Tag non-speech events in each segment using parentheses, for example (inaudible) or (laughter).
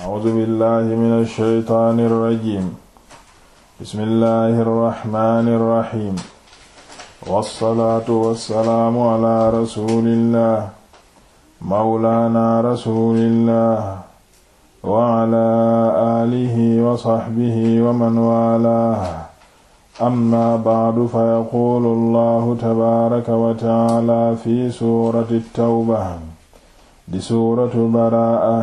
a'uuzu billaahi mina shaytaani rajiim bismillaahi rahmaani rahiim wassalaatu wassalaamu alaa rasuulillaah mawlaanaa rasuulillaah wa alaa aalihi wa saxbihi wa man waalaah amma ba'du fa yaquulu allahu tabaaraka wa ta'aala fi suurati tawba di suuratu baraa'a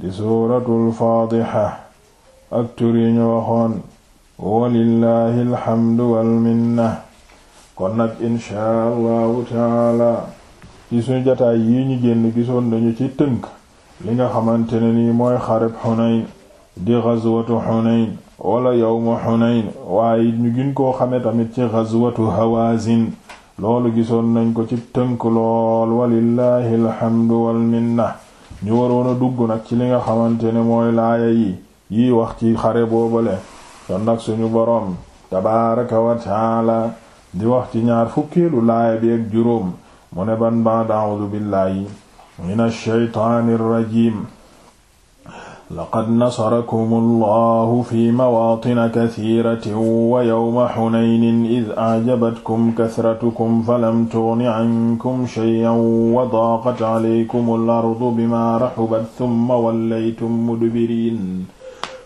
di suuratul faadixa ak tur yi ñu waxoon walillahi alhamdu walminna kon nag inchaa allahu taala ci suñu jataay yi ñu génn gisoon nañu ci tënk li nga xamante ne nii mooy xareb xunayn di gazwatu xunayn wala yawmu xunayn waaye ñu gin koo xame tamit ci gazwatu hawazin loolu gisoon nañ ko ci tënk lool walillahi alhamdu walminna ñu waroon a dugg nag ci li nga xamante ne mooy laaya yi yi wax ci xare boobale kon nag suñu boroom tabaaraka wa taala di wax ci ñaar fukkeelu laaya bi ak juróom mu ne ban ba'da a'uudu billaahi minash shaytaanir rajiim laqad nasarakum allahu fi mawaatina kasiiratin wa yawma xunaynin id ajabatkum kasratukum falam tughni cankum shay'an wa daaqat calaykum al-ardu bimaa raxubat thumma wallaytum mudbiriin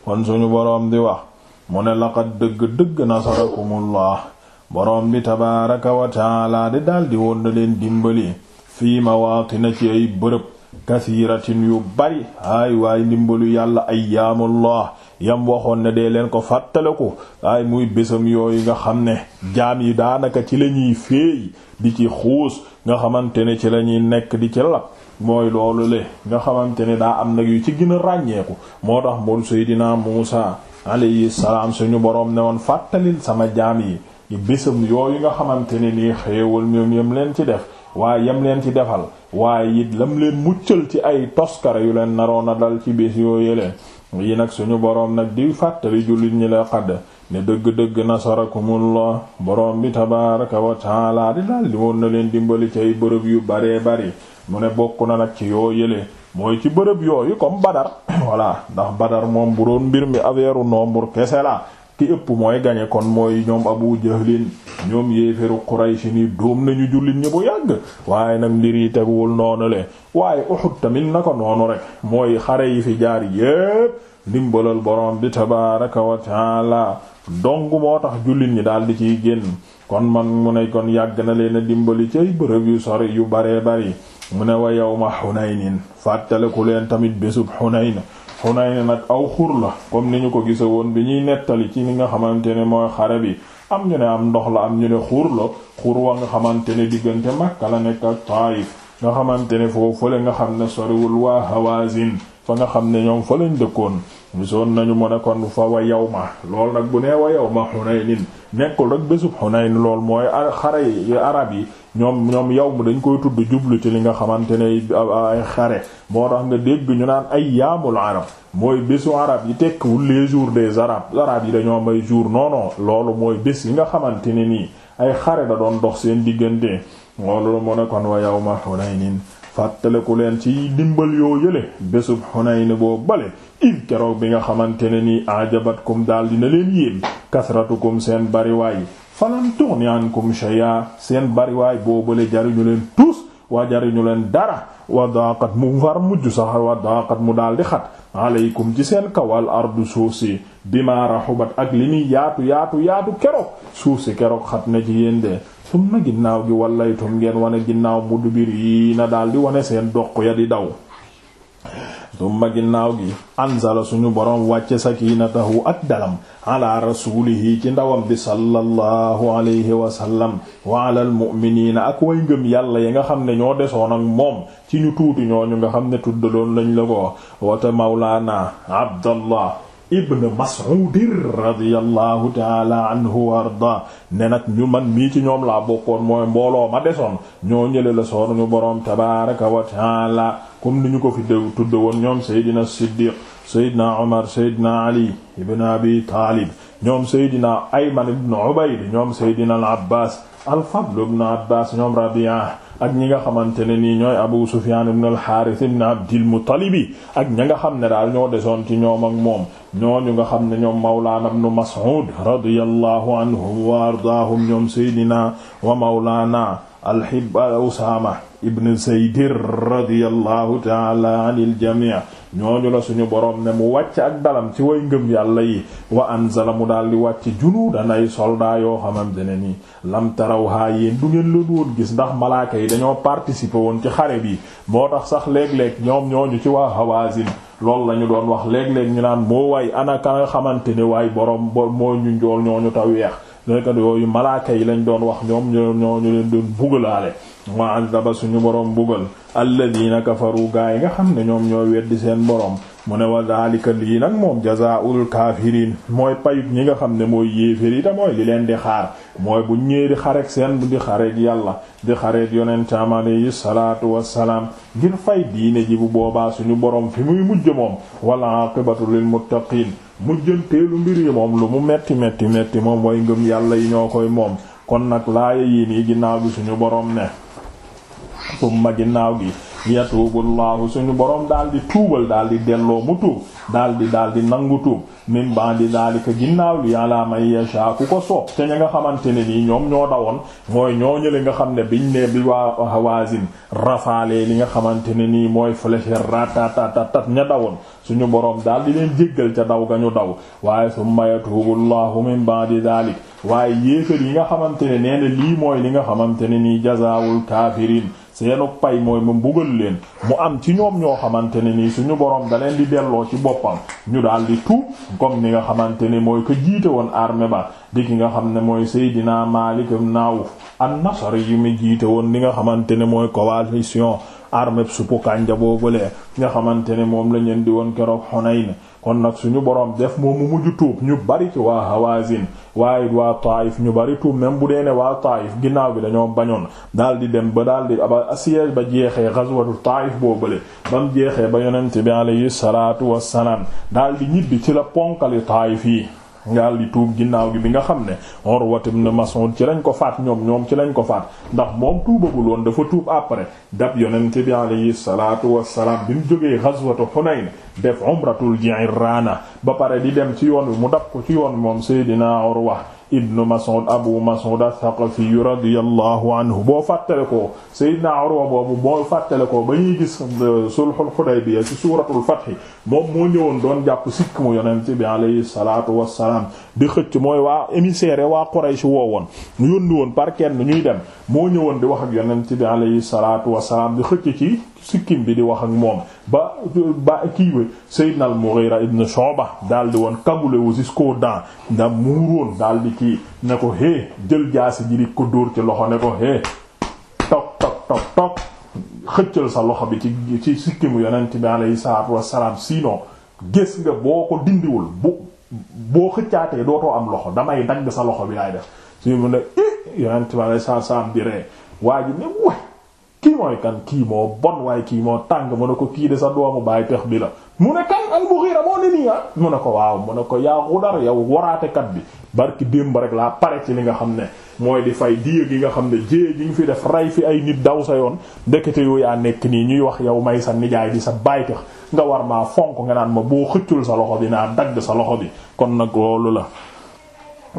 kon suñu boroom di wax mu ne laqad dëgg-dëgg nasarakum allah boroom bi tabaaraka wa taala di daldi woon na leen dimbali fi mawaatina ci ay bërëb kasiratin yu bari ay waay ndimbalu yàlla ayyaamullah yam waxoon ne dee leen ko fàttaliku ay muy bésam yooyu nga xam ne jaam yi daanaka ci la ñuy féey di ci xuus nga xamante ne ci la ñuy nekk di ci lap mooy loolu le nga xamante ne daa am nag yu ci gën a ràññeeku moo tax mbol Seydina Muusa alayhi salaam suñu boroom ne woon fàttalil sama jaam yi bésam yooyu nga xamante ne nii xéewal ñoom yam leen ci def waa yam leen ci defal waaye it lam leen muccal ci ay toskare yu leen naroon a dal ci bés yoo yële yi nag suñu boroom nag di fàttali jullit ñi la xadd ne dëgg-dëgg nasarakumullah boroom bi tabaaraka wa taala di daal di woon na leen dimbali ci ay bërëb yu baree bari mu ne bokk na nag ci yoo yële mooy ci bërëb yooyu comme Badar (coughs) voilà ndax Badar moom bu doon mbir mi affaire u nombre kese la ki ëpp mooy gañe kon mooy ñoom abu jahlin ñoom yéeféru quraysh ni doom nañu jullit ñi bu yàgg waaye nag mbir yi teguwul noonu le waaye Uhud tamit naka noonu rek mooy xare yi fi jaar yépp ndimbalal borom bi tabaaraka wa taala dong moo tax jullit ñi daal di ciy génn kon man mu ne kon yàgg na leen a dimbali cay bërëb yu sori yu baree bari mu ne wa yawma Hunaynin fàttaliku leen tamit bésub Hunayn Hunayn nag aw xuur la comme ni ñu ko gisa woon bi ñuy nettali ci li nga xamante ne mooy xare bi am ñu ne am ndox la am ñu ne xur la xur wa nga xamante ne diggante Makka la nekk ak Taayif nga xamante ne foofu la nga xam ne sorewul waa Hawaazin fa nga xam ne ñoom fa lañ dëkkoon gisoon nañu mu ne kon fa wa yawma lool nag bu nee wa yawma Hunaynin nekkul rek bésub Hunayn lool mooy xare yi arab yi ñoom ñoom yow mu dañ koy tudd jublu ci li nga xamante ne ay xare moo tax nga dégg ñu naan ayyaamul arab mooy bésu arab yi tekkiwul les jours des arabes arab yi dañoo may jour non non loolu mooy bés yi nga xamante ne nii ay xare da doon dox seen diggante loolu mu ne kon wa yawma Hunaynin fàttaliku leen ci dimbal yoo yële bésub Hunayn boo bale id keroog bi nga xamante ne nii ajabatkum daal na leen yéem kasratukum seen bariwaay falam tughni ankum shay'a seen bariwaay boobale jariñu leen tous waa jariñu leen dara wa daqat mu far mujj sax wa daqat mu daal di xat aleykum ci seen kawal ardu suuf si bi ma rahubat ak li muy yaatu yaatu yaatu keroog suuf si keroog xat na ci yéen de na ginnaaw gi wallaytum ngeen wane ginnaaw mudbir yi na daal di wane seen doq ya di daw summa ginnaaw gi anzala suñu boroom wàcce sakiinatahu ak dalam ala rasulihi ci ndawam bi sallallahu alayhi wa sallam wa ala almu'miniina ak way ngëm yàlla yi nga xam ne ñoo desoon ak moom ci ñu tuuti ñooñu nga xam ne tuddaloon lañ la ko wata mawlaana abdallah ibn Mas'ud radiyallahu taala anhu wa arda ne nag ñu man mii ci ñoom laa bokkoon mooy mbooloo ma desoon ñoo ñële la soor ñu boroom tabaraka wa taala comme ni ñu ko fi déw tudde woon ñoom Seydina Siddiq Seydina Omar Seydina Ali ibn Abi Taalib ñoom Seydina Ayman ibn Ubayd ñoom Seydina al Abbas al Fadl ibn Abbas ñoom Rabi'a ak ñi nga xamante ne nii ñooy Abu Sufyan ibn al-Harith ibn Abdil Muttalib ak ña nga xam ne daal ñoo desoon ci ñoom ak moom ñooñu nga xam ne ñoom mawlaana ibn Mas'ud radiyallahu anhum wa ardaahum ñoom seydina wa mawlaana al-Hibb Usaama ibn Saydir radiyallahu taala anil jamii ñooñu la suñu borom ne mu wàcc ak dalam ci way ngëm yàlla yi wa anzala mu daal di wàcc junuudan ay soldat yoo xamante ne nii lam tarawhaa yéen du ngeen leen woon gis ndax malaaka yi dañoo participer woon ci xare bi moo tax sax léeg-léeg ñoom ñooñu ci waa Hawazin loolu la ñu doon wax léeg-léeg ñu naan moo waay ana ka xamante ne waay boroom moo ñu njool ñooñu taw weex ñooykat yooyu malaaka yi lañ doon wax ñoom ñoo ñu leen doon bugalaale wa azaba suñu boroom bugal alladina kafaru yi nga xam ne ñoom ñoo weddi seen boroom mu ne wa daalika lii nag moom jazaa'ul kaafiriin mooy payut ñi nga xam ne mooy yéefér yi li leen di xaar mooy bu ñëwee di xareek seen di xareek yàlla di xareek yonentam yi salaatu wassalaam ngir fay diine ji bu boobaa suñu boroom fi muy mujj moom wal aaqibatu lil muttaqiin mujjanteelu mbir yi moom lu mu metti metti metti moom way ngëm yàlla yi ñoo koy moom kon nag laaya yii nii ginnaaw gi suñu boroom ne ma ginnaaw gi yatubullahu suñu boroom daal di tuubal daal di delloo mu tuub daal di daal di nangu tuub min ba'di daalika ginnaaw li ala man yasha ku ko soob te ña nga xamante ne nii ñoom ñoo dawoon mooy ñoo ñële nga xam ne biñ ne bi waa Hawazin rafaalee li nga xamante ne nii mooy flèche ratatatatat ña dawoon suñu borom daal di leen jéggal ca daw ga ñu daw waaye summa yatubullahu min ba'di daalik waaye yéefér yi nga xamante ne nee na lii mooy li nga xamante ne nii jazaawul kaafiriin seenu pay mooy ma mbugal leen mu am ci ñoom ñoo xamante ne nii suñu borom da leen di delloo ci boppam ñu daal di tuub comme ni nga xamante ne mooy ko jiite woon armée ba di nga xam ne mooy Seydina Maalik ibn Awf an-Nasri mu jiite woon li nga xamante ne mooy coalition armée suppu kànja boobulee nga xamante ne moom la ñeen di woon keroog Hunayn kon nag suñu boroom def moom mu mujj tuub ñu bari ci waa Hawazin waaye waa Taayif ñu bari tuub même bu dee ne waa Taayif ginnaaw bi dañoo bañoon daal di dem ba daal di ba siège ba jeexee ghazwatu Taayif boobale ba mu jeexee ba yonent bi alayhi salaatu wassalaam daal di ñibbi ci la ponkali Taayif yi ngaal li tuub ginnaaw gi bi nga xam ne Urwat ibn Mas'ud ci lañ ko faat ñoom ñoom ci lañ ko faat ndax moom tuubagul woon dafa tuub après dab yonent bi alayhi salaatu wassalaam bi mu jógee ghazwatu Hunayn def umratul raana ba pare di dem ci yoon wi mu dab ko ci yoon moom Seydina Urwa ibnu Mas'ud Abu Mas'ud Ath-Thaqafi radiyallahu anhu boo fàttale ko Seydina Urwa boobu boo fàttale ko ba ñuy gis euh, sulhul Hudaybiya ci suuratul Fath moom moo ñëwoon doon jàpp sikk mu yonent bi alayhi salaatu wassalaam di xëcc mooy waa émissaire waa Quraysh woowoon ñu yónni woon par kenn ñuy dem moo ñëwoon di wax ak yonent bi alayhi salaatu wassalaam di xëcc ci sikkim bi di wax ak moom ba ba kiiwe Seydina al-Mughira ibn Shu'ba daal di woon kabulewu jusqu'aux dents da muuroon daal di kii ne ko hé jël jaasi ji di ko dóor ci loxo ne ko hé tok tok tok tok sa loxo bi ci ci sikkimu yonent bi alayhi salaatu wassalaam sinon gis nga boo ko dindiwul boo xëccaatee dootoo am loxo damay dagg sa loxo bi laay def su mu ne i eh, yonent bi alayhi salaatu wassalaam di ree waa ji ne way kii mooy kan kii moo bon waaye kii moo tàng mu ne ko kii de sa doomu baay pex bi la mu ne kan al-Mughira moo ne nii ah mu ne ko waaw mu ne ko yaa xudar yow waraatekat bi barki démb rek laa pare ci li nga xam ne mooy di fay diye gi nga xam ne jéye gi nga fi def rey fi ay nit daw sa yoon ndekete yooyu yaa nekk nii ñuy wax yow may sa nijaay bi sa baay pex nga war maa fonk nga naan ma boo xëccul sa loxo bi naa dagg sa loxo bi kon nag loolu la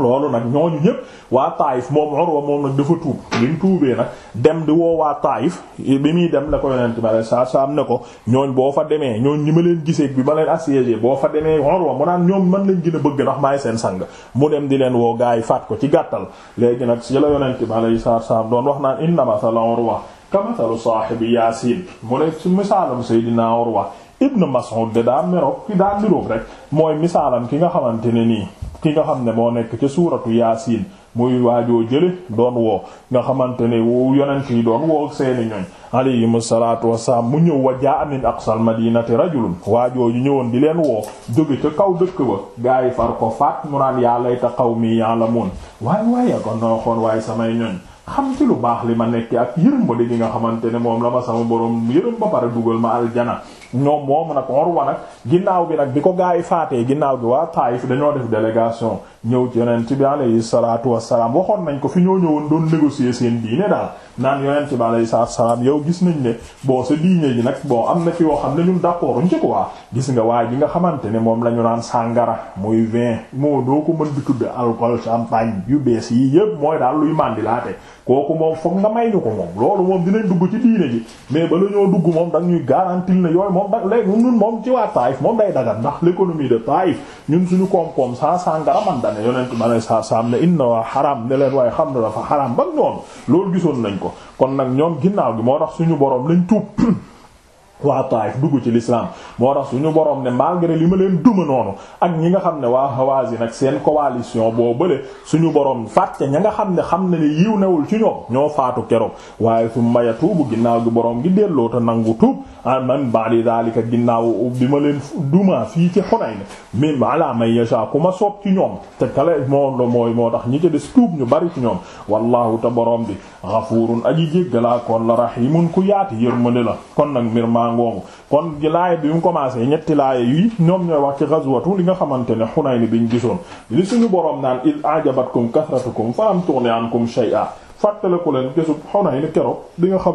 loolu nag ñooñu ñëpp waa Taayif moom Urwa moom nag dafa tuub bi mu tuubee nag dem di woo waa Taayif bi muy dem la ko yonent bi alayhi salaatu salaam ne ko ñooñ boo fa demee ñooñ ñi ma leen gisee bi ma leen assiégé boo fa demee Urwa mu naan ñoom man lañ gën a bëgg ndox maay seen sang mu dem di leen woo gaa yi faat ko ci gàttal léegi nag si la yonent bi alayhi salaatu salaam doon wax naan inna masala Urwa ka masalu saahibi Yaasiin mu ne ci misaalam Sayidina Urwa Ibn Mas'ud de daa meroog ki daa niroog rek mooy misaalam ki nga xamante ne nii ki nga xam ne moo nekk ci suuratu Yaasiin muy waajoo jële doon woo nga xamante ne wo yonent yi doon woo seeni ñoñ alayhimu salaatu wassalaam mu ñëw wa jaa min aqsal madinati rajulun waajoo yu ñëwoon di leen woo jóge ca kaw dëkk ba gaa yi far ko faat mu naan yaa layta qawmi ya'lamuun waaye waaye kon noo xoon waaye samay ñoñ xam ci lu baax li ma nekk ak yërëm ba nga xamante ne moom la ma sama borom ba pare dugal ma aljana ñoom moomu nag Urwa nag ginnaaw bi nag bi ko gaa yi faatee ginnaaw bi waa Taayif dañoo def délégation ñëw ci yonent bi alayhi salaatu wassalaam waxoon nañ ko fi ñoo ñëwoon doon négocier seen diine daal naan yonent bi alayhi salaatu wassalaam yow gis nañ ne boo sa diine ji nag boo am na fi yoo xam ne ñun d'accord uñ ci quoi gis nga waa ji nga xamante ne moom la ñu naan sàngara muy vin moo doo ko mën di tudd alcool champagne yu bees yi yëpp mooy daal luy màndilaate kooku moom fokk nga ko moom loolu moom dinañ dugg ci diine ji mais ba la ñoo dugg moom dañuy moom nag léegi ñun moom ci waa Taïf moom day dagat ndax l'économie de Taïf ñun suñu koom-koom sans sangara man dane yonent ma ne sa saam ne inna waa xaram ne leen waaye xam ne dafa xaram ba ñoom loolu gisoon nañ ko kon nag ñoom ginnaaw gi moo tax suñu borom lañ tuub waa Taif dugg ci l'islam moo tax suñu borom ne malgré li ma leen duma noonu ak ñi nga xam ne waa Hawazin ak seen coalition boo bële suñu borom fàtte ña nga xam ne xam ne ne yiw newul ci ñoom ñoo faatu keroog waaye su maya tuubu ginnaaw gi borom gi delloo te nangu tuub aman ba'di daalika ginnaaw bi ma leen duma fii ci Hunayn mim ala man a ku ma soob ci ñoom te kale moo la mooy moo tax ñi ca des tuub ñu bari ci ñoom wallahu te bi ghafurun aji jéggalaakoon la rahimun ku yaati yërmande la kon nag maa ngoomu kon laaya bi mu commencé ñetti laaya yi ñoom ñooy wax ci ghazwatu li nga xamante ne Hunayn bi ñu gisoon li suñu boroom naan iz ajabatkum kasratukum falam tughni ankum shay'a fàttaliku leen gisu Hunayn keroog di xam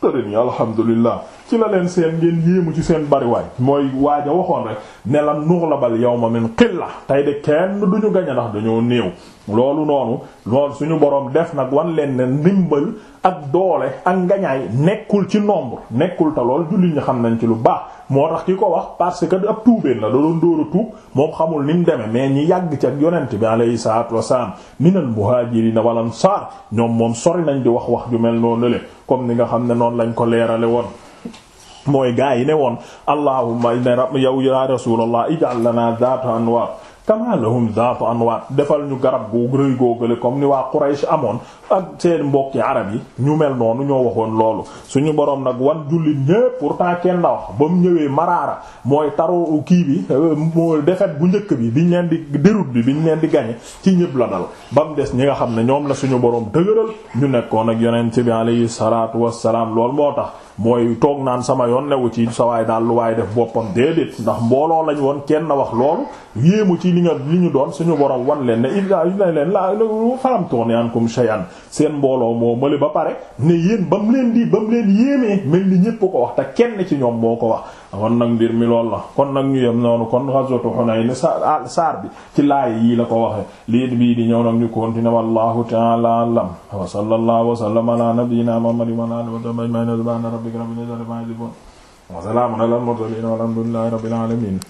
tërin yi alhamdulillah ci la leen seen ngeen yéemu ci seen bariwaay mooy waaj a waxoon rek ne la nuxlabal yawma min xilla tey de kenn duñu gañ a ndax dañoo néew loolu noonu lool suñu boroom def nag wan leen ne ndimbal ak doole ak ngañaay nekkul ci nombre nekkul te lool julli ñi xam nañ ci lu baax moo tax ki ko wax parce que ab tuubeen la da doon dóor moo tuub moom xamul ni mu demee mais ñi yàgg ci ak yonent bi alayhi salaatu wasalaam minal muhaajiriina wal ansaar ñoom moom sori nañ di wax wax ju mel noonu le comme ni nga xam ne noonu lañ ko leerale woon mooy gaa yi ne woon allahumma inna yow ya rasulallah ij'al lana dhaata anwaar kama lahum dhatu anwaat defal ñu garab gu rëy googale comme ni waa Quraysh amoon ak seen mbokki arab yi ñu mel noonu ñoo waxoon loolu suñu boroom nag wan jullit ñépp pourtant kenn la wax ba mu ñëwee maraara mooy taro kii bi euh, moo defet bu njëkk bi biñ leen di déroute bi ñu leen di gañe ci ñépp la dal ba mu des ñi nga xam ne ñoom la suñu borom dëgëral ñu nekkoon ak yonent bi alayhi salaatu wassalaam lool moo tax mooy toog naan sama yoon newu ci sawaay daal lu waaye def boppam déedéet ndax mbooloo lañ woon kenn wax loolu yéemu ci li nga li ñu doon suñu borom wan leen ne illa illa leen la faramtoone ankum shay'an seen mbooloo moo mali ba pare ne yéen ba mu leen di ba mu leen yéemee mel ni ñépp ko wax te kenn ci ñoom moo ko wax kon nag mbir mi lool la kon nag ñu yem noonu kon ghazwatu Hunayn sa saar bi ci laay yii la ko waxe lii bii di ñëw nag ñu na wallahu ta'ala alam wa sallallahu wa sallama ala nabiyyina muhammadin wa ala alihi wa sahbihi ajma'in subhana rabbika rabbil izzati amma yasifun wa salamun ala al mursalin walhamdulillahi rabbil alamin